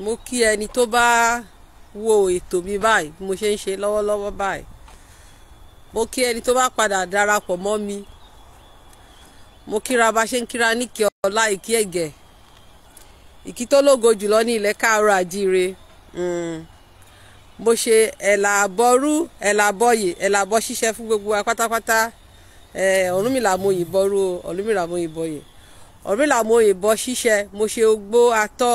mo kí ẹni tó bá wo ètò mi báyìí mo ṣe ń ṣe lọ́wọ́lọ́wọ́ báyìí mo kí ẹni tó bá padà darapọ̀ mọ́ mi mo kíra bá ṣe ń kíra níkẹ́ ọlá ìkí ẹ̀gẹ́ ìkí tó lógo jùlọ ní ilẹ̀ káàárọ̀ àjíire hmm. mo ṣe ẹ̀là àbọ̀rú ẹ̀là àbọ̀yè ẹ̀là àbọ̀ ṣiṣẹ́ fún gbogbo wa pátápátá ọ̀rúnmìlà mo yìnbọn ru ọ̀rúnmìlà mo yìnbọn yè ọ̀rúnmìlà mo yìnbọn ṣiṣẹ́ mo ṣe ogbó atọ́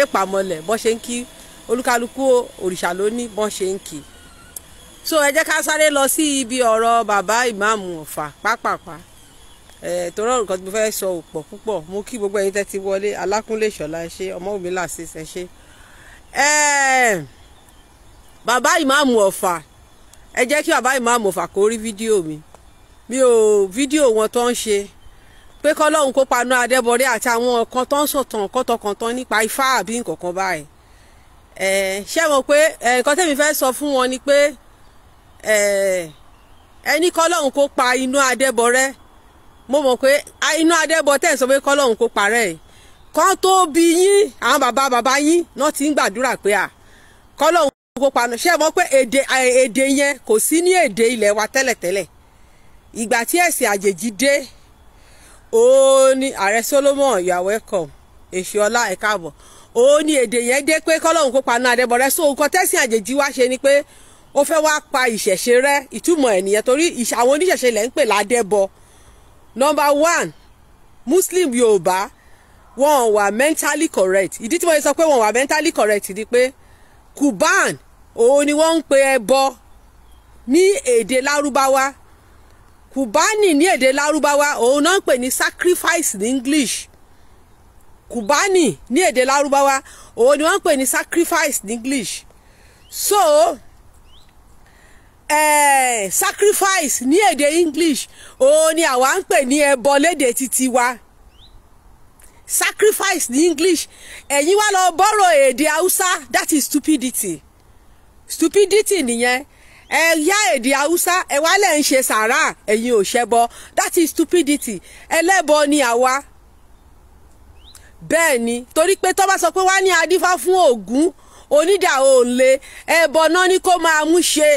èèpàmọlẹ̀ bọ́n ṣe ń kí olúkálukú òrìṣà ló bọ́n ṣe ń kí so ẹ jẹ́ ká sáré lọ sí ibi ọ̀rọ̀ bàbá ìmáàmù Ọ̀fà pápápá ẹ̀ tó rọrùn kan tí mo fẹ́ sọ ò pọ̀ púpọ̀ mo kí gbogbo ẹ̀yin tẹ́tí wọlé Alákúnlé Ìṣọ̀lá ẹ ṣé Ọmọ́wùmí Lásìs ẹ ṣé bàbá ìmáàmù Ọ̀fà ẹ jẹ́ kí bàbá ìmáàmù Ọ̀fà kó rí fídíò mi mi ò fídíò wọn tó ń ṣe pé kọ́lọ́hún kó paná adébọ̀rí àti àwọn kan tó ń sọ̀tàn kọ́tọ̀kọ̀tọ̀ nípa ifá àbí nǹkan kan báyìí ṣé mo pé nǹkan tẹ́mi fẹ́ sọ fún wọn ni pé ẹni kọ́lọ́hún kó pa inú adébọ̀rẹ́ mo mọ̀ pé inú adébọ̀ tẹ̀ sọ pé kọ́lọ́hún kó parẹ́ yìí kan tó bí yín àwọn bàbá bàbá yín náà ti ń gbàdúrà pé à kọ́lọ́hún kó paná ṣé mo pé èdè yẹn kò sí ní èdè ilẹ̀ wa tẹ́lẹ̀tẹ́lẹ̀ ìgbà tí ẹ̀sìn àjèjì dé ó ní ààrẹ Solomon you are welcome èsì ọlá ẹ káàbọ̀ ó ní èdè yẹn dé pé kọ́lọ́hún kó paná adébọ̀rẹ́ so nǹkan tẹ́sìn àjèjì wá ṣe ni pé ó fẹ́ wá pa ìṣẹ̀ṣe rẹ ìtumọ̀ ẹ̀ nìyẹn torí àwọn oníṣẹ̀ṣe lẹ̀ ń pè ládẹ́bọ̀ number one Muslim Yorùbá wọn wà mentally correct ìdí tí mo sọ pé wọn wà mentally correct ni pé Kuban òun ni wọ́n ń pe ẹbọ ní èdè lárúbáwá Kubani ní èdè lárúbáwá òun náà ń pè ní sacrifice ní english kùbánì ní èdè lárúbáwá òun ni wọ́n ń pè ní sacrifice ní english so eh, sacrifice ní èdè english òun ni àwa ń pè ní ẹbọ lédè títí wa sacrifice ní english ẹ̀yin wá lọ bọ́rọ̀ èdè haúsá that is stupidity stupidity nìyẹn ẹ èdè haúsá ẹ wá lẹ́ ń ṣe sàrà ẹ̀yin ò ṣẹbọ that is stupidity ẹlẹ́bọ ni àwa bẹ́ẹ̀ ni torí pé tọ́ bá sọ pé wá ní adífá fún Ògún onídà òǹlé ẹbọ náà ni kó máa mú ṣe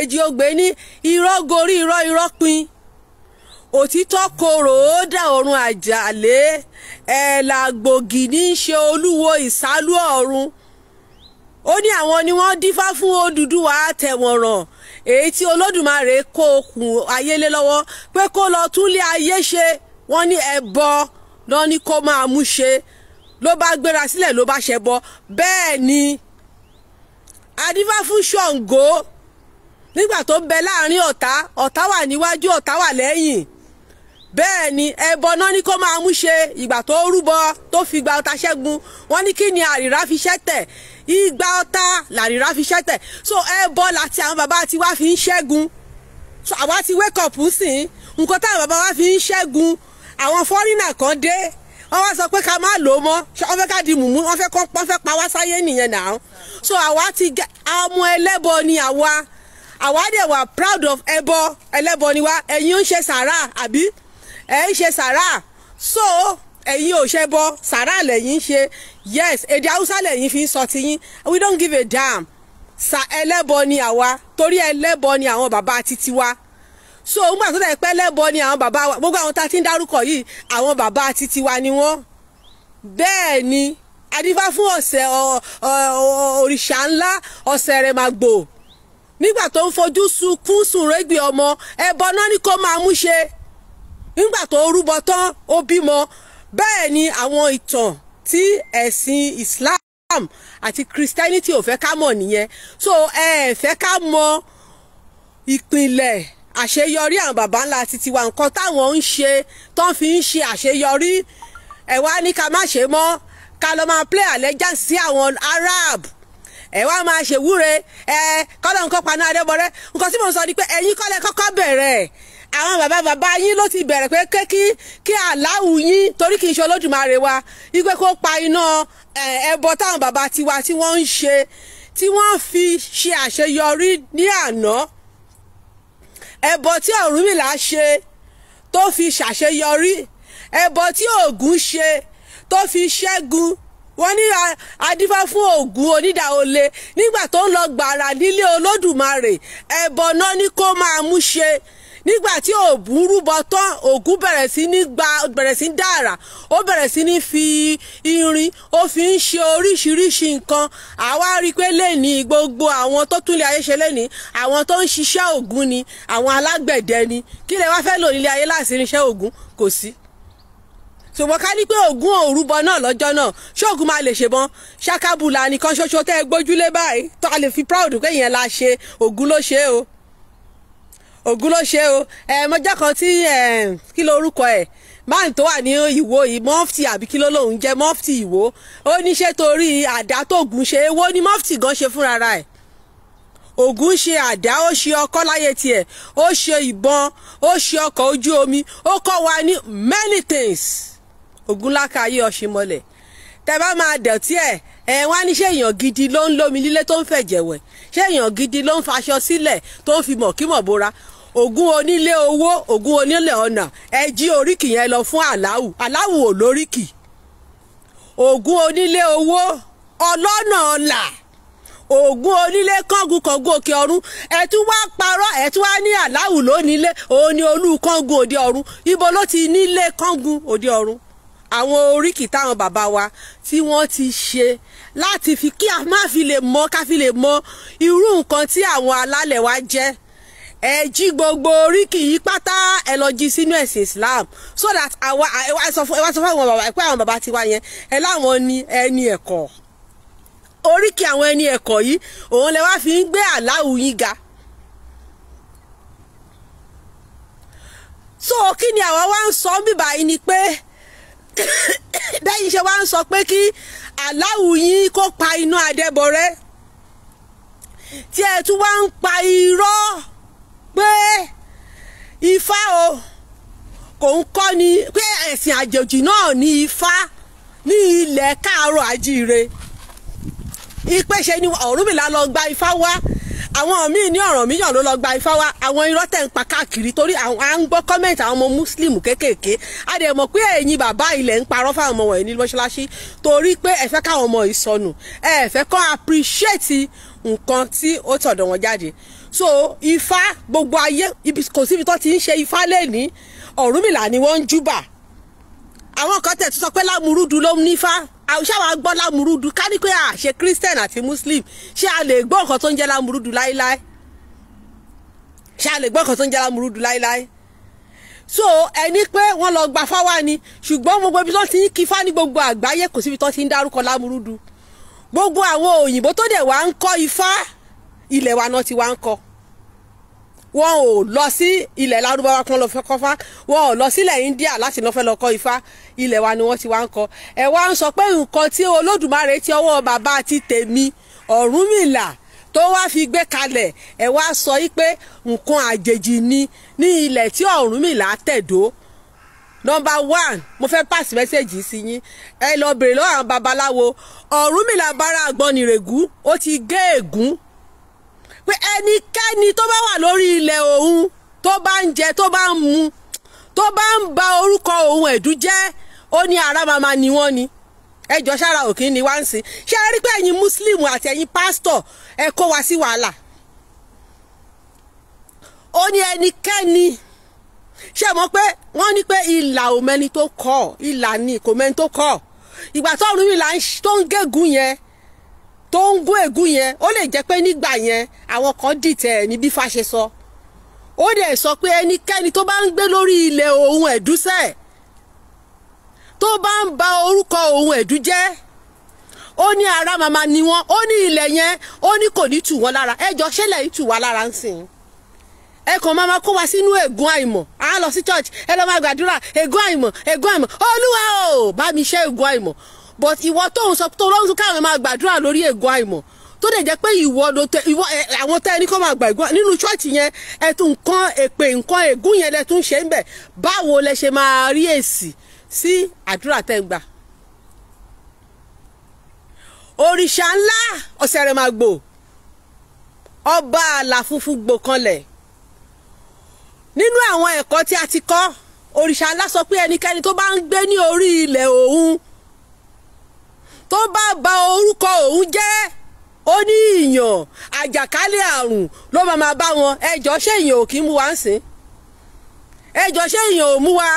èjì ògbé ní irọ́ gorí irọ́ irọ́ pin òtítọ́ korò ó dà ọ̀run àjàlé ẹ̀ làgbògì ní í ṣe olúwo ìsálú ọ̀run ó ní àwọn ni wọ́n dífá fún Odùduwà àtẹ̀wọ̀nràn èyí tí Olódùmarè kó okùn ayélé lọ́wọ́ pé kó lọ túnlé ayé ṣe wọ́n ní ẹbọ lọ ní kó máa mú ṣe ló bá gbéra sílẹ̀ ló bá ṣẹbọ bẹ́ẹ̀ ni adífá fún Ṣàngó nígbà tó ń bẹ láàrin ọ̀tá ọ̀tá wà níwájú ọ̀tá wà lẹ́yìn bẹ́ẹ̀ ni ẹbọ náà ni kó máa mú ṣe ìgbà tó rúbọ tó fi gba ọta ṣẹ́gun wọ́n ní kí ni àrírá fi ṣẹ́tẹ̀ ìgbà ọta làrírá fi ṣẹ́tẹ̀ so ẹbọ láti àwọn bàbá tiwa fi ń ṣẹ́gun so àwa ti wake up sìn nǹkan táwọn bàbá wa fi ń ṣẹ́gun àwọn fọ́rínà kan dé wọ́n wá sọ pé ká má lò ó mọ́ wọ́n fẹ́ ká di mùmú wọ́n fẹ́ kọ́ pọ́n fẹ́ pa wá sáyé nìyẹn náà so àwa ti ọmọ ẹlẹ́bọ ni àwa àwa dẹ̀ wà proud of ẹbọ ẹlẹ́bọ ni wa ẹ̀yin ń ṣe sàrà àbí ẹ ń ṣe sàrà so ẹ̀yin ò ṣe bọ sàrà lẹ́yìn ṣe yes èdè haúsá lẹ́yìn fi ń sọ tiyín we don't give a damn sa ẹlẹ́bọ ni àwa torí ẹlẹ́bọ ni àwọn bàbá títí wa so nígbà tó dẹ̀ pé ẹlẹ́bọ ni àwọn bàbá wa gbogbo àwọn tá a ti ń dárúkọ yìí àwọn bàbá títí wa ni wọ́n bẹ́ẹ̀ ni adífá fún ọ̀sẹ̀ òrìṣà ńlá ọ̀sẹ̀ rẹ̀ máa gbò nígbà tó ń fojú sunkún sùn rẹ́gbẹ̀ẹ́ ọmọ ẹbọ náà ni kó máa mú ṣe nígbà tó rúbọ tán ó bímọ bẹ́ẹ̀ ni àwọn ìtàn tí ẹ̀sìn Islam àti Christianity ò fẹ́ ká mọ̀ nìyẹn so ẹ ẹ̀ fẹ́ ká mọ ìpìlẹ̀ àṣeyọrí àwọn baba ńlá títí wa nǹkan táwọn ń ṣe tán fi ń ṣe àṣeyọrí ẹ wá ní ká má ṣe mọ́ ká lọ máa play allegiance sí àwọn Arab ẹ wá máa ṣèwúre ẹ kọ́lọ́ nǹkan paná adébọ̀rẹ́ nǹkan tí mo sọ ni pé ẹ̀yin kọ́lẹ́ kọ́kọ́ bẹ̀rẹ̀ àwọn bàbá bàbá yín ló ti bẹ̀rẹ̀ pé ké kí kí aláwù yín torí kì í ṣe olódùmarè wa wípé kó pa iná ẹbọ táwọn bàbá tiwa tí wọ́n ń ṣe tí wọ́n fi ṣe àṣeyọrí ní àná ẹbọ tí Ọ̀rúnmìlà ṣe tó fi ṣàṣeyọrí ẹbọ tí Ògún ṣe tó fi ṣẹ́gun wọ́n ní adífá fún Ògún onídà nígbà tó ń lọ gbàrà nílé Olódùmarè ẹbọ náà ni kó máa mú ṣe nígbà tí òògùn rúbọ tán òògùn bẹ̀rẹ̀ sí ní gba bẹ̀rẹ̀ sí ní dàrà ó bẹ̀rẹ̀ sí ní fi irin ó fi ń ṣe oríṣiríṣi nǹkan àwa rí i pé lẹ́ni gbogbo àwọn tó túnlé ayé ṣe lẹ́ni àwọn tó ń ṣiṣẹ́ òògùn ni àwọn alágbẹ̀dẹ ni kí lè wá fẹ́ lò nílé ayé láti irinṣẹ́ òògùn kò sí ṣùgbọ́n ká ní pé ògún òrúbọ náà lọ́jọ́ náà ṣóògùn máa lè ṣèbọn ṣàkàbùlà nìkan ṣoṣo tẹ́ ẹ gbójúlé báyìí tó a lè fi proud pé ìyẹn la ṣe ògún ló ṣe o ògùn ló ṣe o mọjá kan tí kí ló orúkọ ẹ̀ máà tó wà ní ìwó yìí mọ́fìtì àbí kí ló lóun jẹ́ mọ́fìtì ìwó ó ní ṣe torí àdá tó ògùn ṣe èwo ni mọ́fìtì gan ṣe fúnra ra ẹ̀ ògùn ṣe àdá ó ṣe ọkọ́ láyé tiẹ̀ ó ṣe ìbọn ó ṣe ọkọ̀ ojú omi ó kọ́ wa ní many things ògùn láka ayé ọ̀ṣinmọlẹ̀ tẹ bá máa dọ̀tí ẹ̀ ẹ̀ wá ní ṣé èèyàn gidi ló ń lómi lílé tó ń fẹ̀jẹ̀ ṣé èèyàn gidi ló ń faṣọ sílẹ̀ tó ń fi mọ̀kímọ̀ bora ògún onílé owó ògún onílé ọ̀nà ẹ jí oríkì yẹn lọ fún aláwù aláwù ò lóríkì ògún onílé owó ọlọ́nà ọ̀là ògún onílé kángun kángun òkè ọ̀run ẹ tún wá parọ́ ẹ tún wá ní aláwù lónílé òun ni olú kángun òde ọ̀run ibo ló ti nílé kángun òde ọ̀run àwọn oríkì táwọn bàbá wa tí wọ́n ti ṣe láti fi kí a má fi lè mọ̀ ká fi lè mọ̀ irú nǹkan tí àwọn alálẹ̀ wa jẹ́ ẹ jí gbogbo oríkì yìí pátá ẹ lọ jí sínú ẹ̀sìn Islam so that àwa ẹ wá sọ fún àwọn bàbá pé àwọn bàbá tiwa yẹn ẹ láwọn ní ẹni ẹ̀kọ́ oríkì àwọn ẹni ẹ̀kọ́ yìí òun lẹ wá fi ń gbé àláwù yín ga so kí ni àwa wá ń sọ bíbá yìí ni pé bẹ́yìn ṣe wá ń sọ pé kí aláwù yín kó pa iná adẹ́bọrẹ́ tí ẹ tún wá ń pa irọ́ pé ifá o kò ń kọ́ ni pé ẹ̀sìn àjèjì náà ní ifá ní ilẹ̀ káàárọ̀ àjíire ìpèsè ni Ọ̀rúnmìlà lọ gba ifá wá àwọn míì ní Ọ̀rànmíyàn ló lọ gba ifá wá àwọn irọ́ tẹ̀ ń pa káàkiri torí à ń gbọ́ kọ́mẹ̀ntì àwọn ọmọ mùsùlùmù kéékèèké a dẹ̀ mọ̀ pé ẹ̀yin bàbá ilẹ̀ ń parọ́ fáwọn ọmọ wọ̀nyí ní mọ́ṣáláṣí torí pé ẹ fẹ́ káwọn ọmọ yìí sọnù ẹ fẹ́ kọ́ appreciate nǹkan tí ó tọ̀dọ̀ wọn jáde so ifá gbogbo ayé kò síbi tó ti ń ṣe ifá lẹ́ni ọ̀rúnmìlà ni wọ́n ń júbà àwọn kan tẹ̀ tó sọ pé lámúrúdù ló ń nífá àwùjọ wa gbọ́ lámúrúdù ká ní pé à ṣe christian àti muslim ṣé a lè gbọ́ nǹkan tó ń jẹ́ lámúrúdù láéláé ṣé a lè gbọ́ nǹkan tó ń jẹ́ lámúrúdù láéláé so ẹni pé wọ́n lọ gba fáwa ni ṣùgbọ́n gbogbo ibi tó ti ń kí fá ní gbogbo àgbáyé kò síbi tó ti ń dárúkọ lámúrúdù gbogbo àwọn òyìnbó tó dẹ̀ wá ń kọ́ ifá ilẹ̀ wa náà ti wá ń kọ wọn ò lọ sí ilẹ̀ lárúbáwá kan lọ fẹ́ kọ́ fá wọn ò lọ sílẹ̀ India láti lọ fẹ́ lọ kọ́ ifá ilẹ̀ wa ni wọ́n ti wá ń kọ ẹ̀ wá ń sọ pé nǹkan tí olódùmarè ti ọwọ́ bàbá ti tèmi Ọ̀rúnmìlà tó wá fi gbé kalẹ̀ ẹ̀ wá sọ yí pé nǹkan àjèjì ni ní ilẹ̀ tí Ọ̀rúnmìlà tẹ̀dó nọmba one mo fẹ́ pass message sí yín ẹ lọ bèrè lọ́wọ́ àwọn babaláwo Ọ̀rúnmìlà bára àgbọnnìrègún ó ti gé ègún pé ẹnikẹ́ni tó bá wà lórí ilẹ̀ òun tó bá ń jẹ tó bá ń mu tó bá ń ba orúkọ òun ẹ̀dú jẹ́ ó ní ara ni wọ́n ni ẹjọ́ sára òkín ni wá ń sìn ṣé ẹ rí pé ẹ̀yin muslim àti ẹ̀yin pásítọ̀ ẹ kó wa sí wàhálà ó ní ẹnikẹ́ni ṣé mọ̀ pé wọ́n ní pé ìlà ò tó kọ̀ ìlà ni kò mẹ́ni tó kọ̀ ìgbà tó ọ̀run ìlà tó ń gégùn yẹn tó ń gún ègún yẹn ó lè jẹ́ pé nígbà yẹn àwọn kan dìtẹ̀ ẹ̀ ní bí Ifá ṣe sọ ó dẹ̀ sọ pé ẹnikẹ́ni tó bá ń gbé lórí ilẹ̀ òun ẹ̀dúsẹ̀ tó bá ń ba orúkọ òun ẹ̀dú jẹ́ ó ní ara màmá ni wọ́n ó ní ilẹ̀ yẹn ó ní kò ní tù wọ́n lára ẹjọ́ ṣẹlẹ̀ yìí tù wá lára ń sìn ẹ kàn máa ma kó wa sínú ègún àìmọ̀ á lọ sí church ẹ lọ máa gbàdúrà ègún àìmọ̀ ègún àìmọ̀ olúwa o bá mi ṣe ègún àìmọ̀ but ìwọ tó ń sọ tó lọ́run tó káwọn máa gbàdúrà lórí ègò àìmọ̀ tó dẹ̀ jẹ́ pé ìwọ ló tẹ ìwọ àwọn tẹ́ ẹni kọ́ máa gbà ìgbọ́ nínú ṣọ́ọ̀tì yẹn ẹ tún nǹkan èpè nǹkan ègún yẹn lẹ tún ṣe ń bẹ̀ báwo lẹ ṣe máa rí èsì sí àdúrà tẹ́ ń gbà. òrìṣà ńlá ọ̀sẹ̀ rẹ̀ máa gbò ọba àlà funfun gbò kanlẹ̀ nínú àwọn ẹ̀kọ́ tí a ti kọ́ òrìṣà ńlá sọ pé ẹnikẹ́ni tó bá ń gbé ní orí ilẹ̀ òun tó bá ba orúkọ òun jẹ́ ó ní ìyàn àjàkálẹ̀ àrùn ló máa máa bá wọn ẹjọ́ ṣé ìyàn ò kí mú wa ń sìn ẹjọ́ ṣé ò mú wa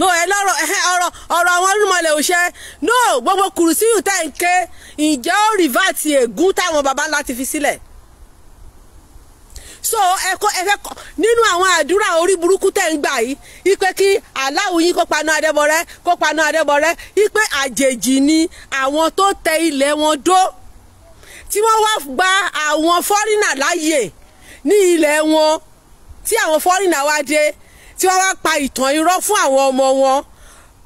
no ẹ lọ́rọ̀ ọ̀rọ̀ ọ̀rọ̀ àwọn olùmọ̀lẹ̀ ò ṣe no gbogbo kùrùsíyù tẹ̀ ń ké ǹjẹ́ ó rìvàtì ègún táwọn baba ti fi sílẹ̀ so ẹ kọ ẹ fẹ́ kọ nínú àwọn àdúrà orí burúkú tẹ̀ ń gbà yìí ipe kí aláwo yín kó paná adébọrẹ́ kó paná adébọrẹ́ ipe àjèjì ni àwọn tó tẹ ilẹ̀ wọn dó tí wọ́n wá gba àwọn fọ́rínà láàyè ní ilẹ̀ wọn tí àwọn fọ́rínà wá dé tí wọ́n wá pa ìtàn irọ́ fún àwọn ọmọ wọn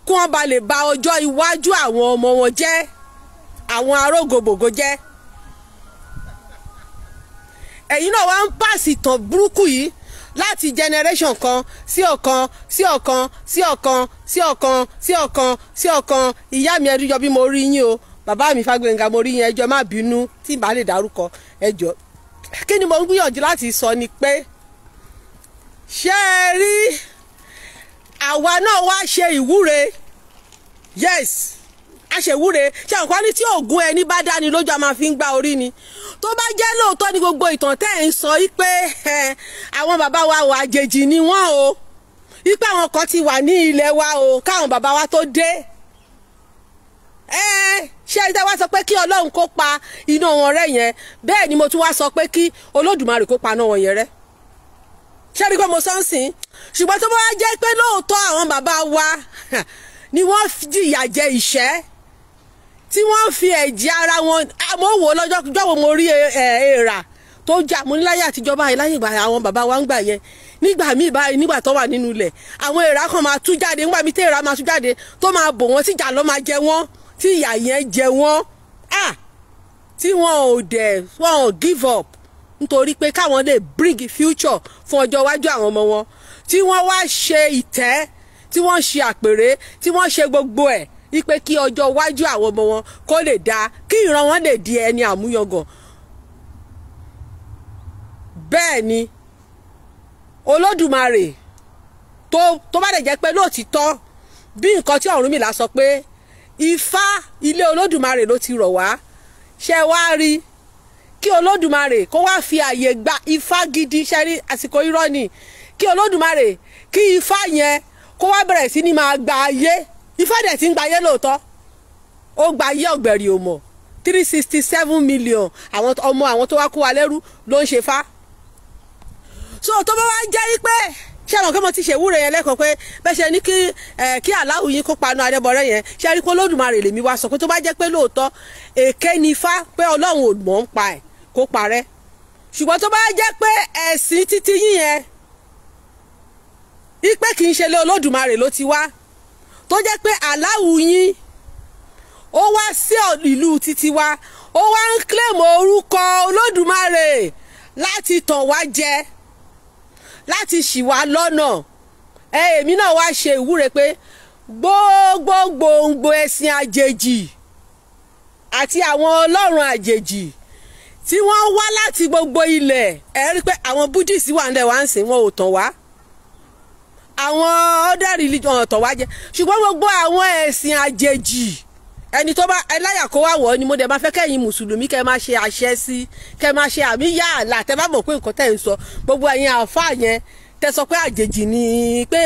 kí wọ́n ba lè ba ọjọ́ iwájú àwọn ọmọ wọn jẹ́ àwọn arógòbògò jẹ́ ẹ̀yin náà wá ń pàṣì ìtàn burúkú yìí láti generation kan sí ọ̀kan sí ọ̀kan sí ọ̀kan sí ọ̀kan sí ọ̀kan sí ọ̀kan ìyá mi ẹdújọ bí mo rí yín o bàbá mi Fágbénga mo rí yín ẹjọ́ má bínú tí bá lè dárúkọ ẹjọ́ kí ni mo ń gbìyànjú láti sọ ni pé ṣé ẹ rí àwa náà wá ṣe ìwúre yes aṣèwúre ṣe nǹkan ní tí ògùn ẹni bá dání lójú a máa fi ń gba orí ni tó bá jẹ́ lóòótọ́ ni gbogbo ìtàn tẹ́ ẹ̀ ń sọ pé àwọn bàbá wa wà àjèjì ni wọ́n o wípé àwọn kan ti wà ní ilẹ̀ wa o káwọn bàbá wa tó dé ṣé ẹni tá wá sọ pé kí ọlọ́run kó pa iná wọn rẹ́ yẹn bẹ́ẹ̀ ni mo tún wá sọ pé kí olódùmarè kó pa iná wọn yẹn rẹ́ ṣé ẹni pé mo sọ ń sìn ṣùgbọ́n tó bá wá jẹ́ pé lóòótọ́ àwọn bàbá wa ni wọ́n jìyà jẹ ìṣẹ́ tí wọ́n fi ẹ̀jẹ̀ ara wọn mo wò lọ́jọ́ jọ́wọ́ mo rí e, e, èèrà tó jà mo ní láyé àtijọba yìí láyé ìgbà àwọn bàbá wa ń gbà yẹn nígbà míì báyìí nígbà tó wà nínú ilẹ̀ àwọn èèrà kan máa tú jáde nígbà míì tí èèrà máa tú jáde tó máa bò wọ́n tíjà lọ́ máa jẹ wọ́n tí ìyà yẹn jẹ wọ́n tí wọn ò dẹ̀ wọn ò give up nítorí pé káwọn lè bring future fún ọjọ́ iwájú àwọn ọmọ wọn tí wọ́n wá ṣe ìtẹ́ tí wọ́n ṣe àpèrè tí wọ́n ṣe gbogbo ẹ̀ wípé kí ọjọ́ iwájú àwọn ọmọ wọn kó lè dáa kí ìran wọn lè di ẹni àmúyangàn bẹ́ẹ̀ ni olódùmarè tó tó bá dẹ̀ jẹ́ pé lóòtítọ́ bí nǹkan tí Ọ̀rúnmìlà sọ pé ifá ilé olódùmarè ló ti rọ̀ wá ṣe wá rí kí olódùmarè kó wá fi àyè gba ifá gidi ṣe rí àsìkò irọ́ ni kí olódùmarè kí ifá yẹn kó wá bẹ̀rẹ̀ sí ní máa gba ayé Ifá dẹ̀ ti ń gbayé lóòótọ́ ó gbayé ọ̀gbẹ̀rì ò mọ̀ three sixty seven million àwọn ọmọ àwọn tó wá kó wa lẹ́rú ló ń ṣe fá so tó bá wá ń jẹ́ pé ṣé àwọn kọ́mọ ti ṣèwúre yẹn lẹ́kọ̀ọ́ pé bẹ́ẹ̀ ṣe ní kí kí aláwù yín kó panu adébọ̀rẹ́ yẹn ṣe rí pé olódùmarè lèmi wá sọ pé tó bá jẹ́ pé lóòótọ́ èké ni Ifá pé ọlọ́run ò mọ̀ ń pa ẹ̀ kó parẹ́ ṣùgbọ́n tó bá jẹ́ pé ẹ̀sìn títí yín yẹn ipe kì í ṣe lé olódùmarè ló ti wá tó jẹ́ pé aláwù yín ó wá sí ìlú títí wa ó wá ń kílèmù orúkọ olódùmarè láti tàn wá jẹ láti ṣì wá lọ́nà èmi náà wá ṣe ìwúre pé gbogbo gbòǹgbò ẹ̀sìn àjèjì àti àwọn ọlọ́run àjèjì tí wọ́n wá láti gbogbo ilẹ̀ ẹ̀ rí pé àwọn buddhist wà ń lẹ̀ wá ń sìn wọn ò tàn wá àwọn other religion ọ̀tọ̀ wá jẹ ṣùgbọ́n gbogbo àwọn ẹ̀sìn àjèjì ẹni tó bá ẹláyà kó wà wọ̀ ni mo dẹ̀ máa fẹ́ kẹ́yìn mùsùlùmí kẹ́ máa ṣe àṣẹ sí kẹ́ máa ṣe àmì yá àlà tẹ́ bá mọ̀ pé nǹkan tẹ̀ ń sọ gbogbo ẹ̀yin àáfàá yẹn tẹ́ sọ pé àjèjì ni pé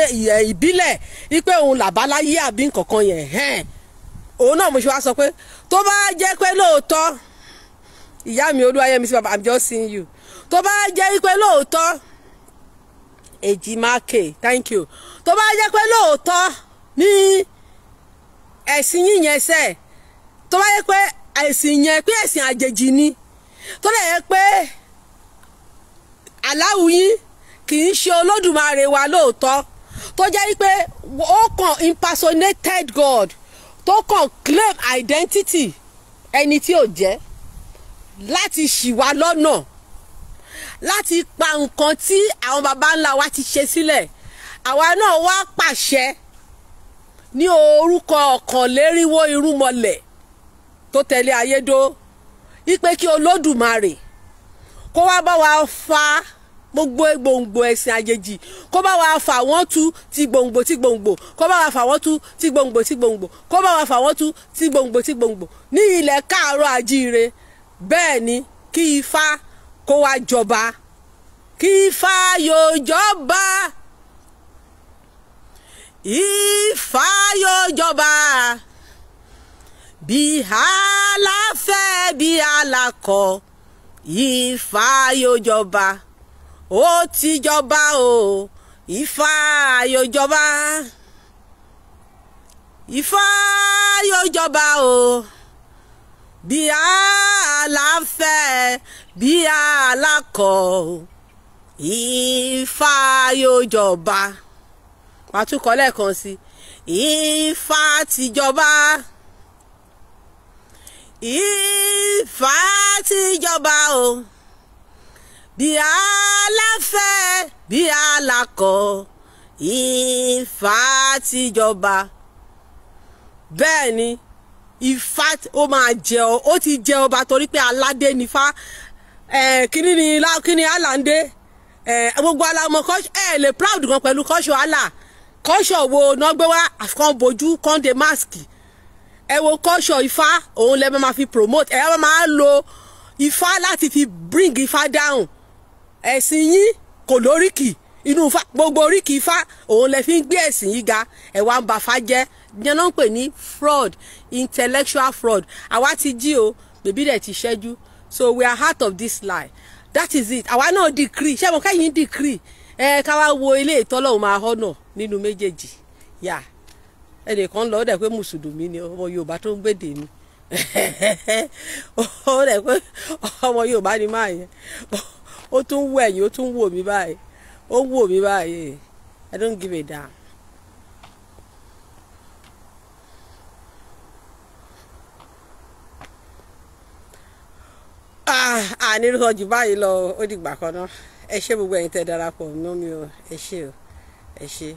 ìbílẹ̀ wípé òun làbáláyé àbí nǹkankan yẹn hẹ́n òun náà mo ṣe wá sọ pé tó bá jẹ́ pé lóòótọ́ ìyá mi olúwayẹmísí bàbá I'm just seeing you tó bá jẹ́ pé lóòótọ́ èjìmákè thank you tó bá jẹ́ pé lóòótọ́ ní ẹ̀sìn yíyẹn sẹ́ẹ̀ tó bá jẹ́ pé ẹ̀sìn yẹn pé ẹ̀sìn àjèjì ni tó lè yẹ pé aláwù yín kì í ṣe olódùmarè wa lóòótọ́ tó jẹ́ pé ó kàn impersonated God tó kàn claim identity ẹni tí ò jẹ́ láti ṣì wá lọ́nà. No láti pa nǹkan tí àwọn baba ńlá wa ti ṣe sílẹ̀ àwa náà wá pàṣẹ ní orúkọ ọ̀kànlérínwó irúnmọlẹ̀ tó tẹ̀lé ayédó wípé kí olódùmarè kó wá bá wa fa gbogbo gbòǹgbò ẹ̀sìn àjèjì kó bá wa fà wọ́n tú ti gbòǹgbò ti gbòǹgbò kó bá wa fà wọ́n tú ti gbòǹgbò ti gbòǹgbò kó bá wa fà wọ́n tú ti gbòǹgbò ti gbòǹgbò ní ilẹ̀ káàárọ̀ àjíire bẹ́ẹ̀ ni kí ifá kó wá jọba kí fàyòjọba ìfàyòjọba bí aláfẹ́ bí alákọ̀ ìfàyòjọba ó ti jọba o ìfàyòjọba ìfàyòjọba o bí aláfẹ́ bí alákọ̀ Ifá yóò jọba wàá tún kọ lẹ́ẹ̀kan sí Ifá tìjọba Ifá tìjọba o bí aláfẹ́ bí alákọ̀ Ifá tìjọba bẹ́ẹ̀ ni Ifá ó máa jẹ ó ti jẹ ọba torí pé aládé nífá Kini ni la kíní alande gbogbo alamọ ẹ lè proud gan pẹ̀lú kọ́ṣọ́ àlà kọ́ṣọ́ wo náà gbé wá àfikàn bojú kọ́ńdé máskì ẹ wo kọ́ṣọ́ ifá òun lẹ́ máa fi promote ẹ̀ ẹ́ máa lo ifá láti fi bring ifá down ẹ̀sìn yín kò lóríkì inú ifá gbogbo oríkì ifá òun lẹ́ fi ń gbé ẹ̀sìn yín ga ẹ̀ wá ń ba fa jẹ́ yẹn náà ń pè ní fraud intellectual fraud àwa ti jí o bèbí rẹ̀ ti ṣẹ́jú so we are out of this lie that is it àwa náà decree ṣé mo kẹ́yìn decree ẹ ká wá wo ilé ìtọ́lọ́hún máa họ́nà nínú méjèèjì yà ẹnìkan lọ ó dẹ̀ pé mùsùlùmí ni ọmọ yorùbá tó ń gbèdè mi ó dẹ̀ pé ọmọ yorùbá ni máa yẹn ó tún wọ ẹ̀yìn ó tún wò mí báyìí ó wò mí báyìí I don't give a damn. àníròjù ah, báyìí lọ ó dìgbà kan náà ẹ ṣé gbogbo ẹ̀yin tẹ́ darapọ̀ mọ́ mi o ẹ ṣé o ẹ ṣé